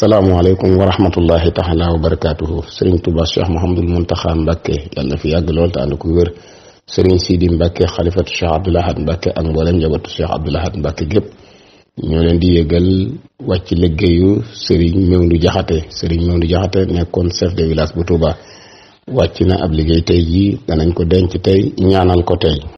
salaamualeykum wa rahmatullahi taala wa barakaatuhu sëriñ Touba Cheikh Mouhamadul Mountakha Mbacke yàlla na fi yàgg lool te ànd ko wér sëriñ Sidi Mbacke xalifatu Cheikh Abdoul Ahad Mbacke ak mboolem njabootu Cheikh Abdoul at Mbacke gépp ñoo leen di yëgal wàcc liggéeyu sëriñ Mewndu Jaxate sëriñ Mewndu Jaxate nekkoon chef de village bu Touba wàcc na ab liggéey tey jii danañ ko denc tey ñaanal ko tey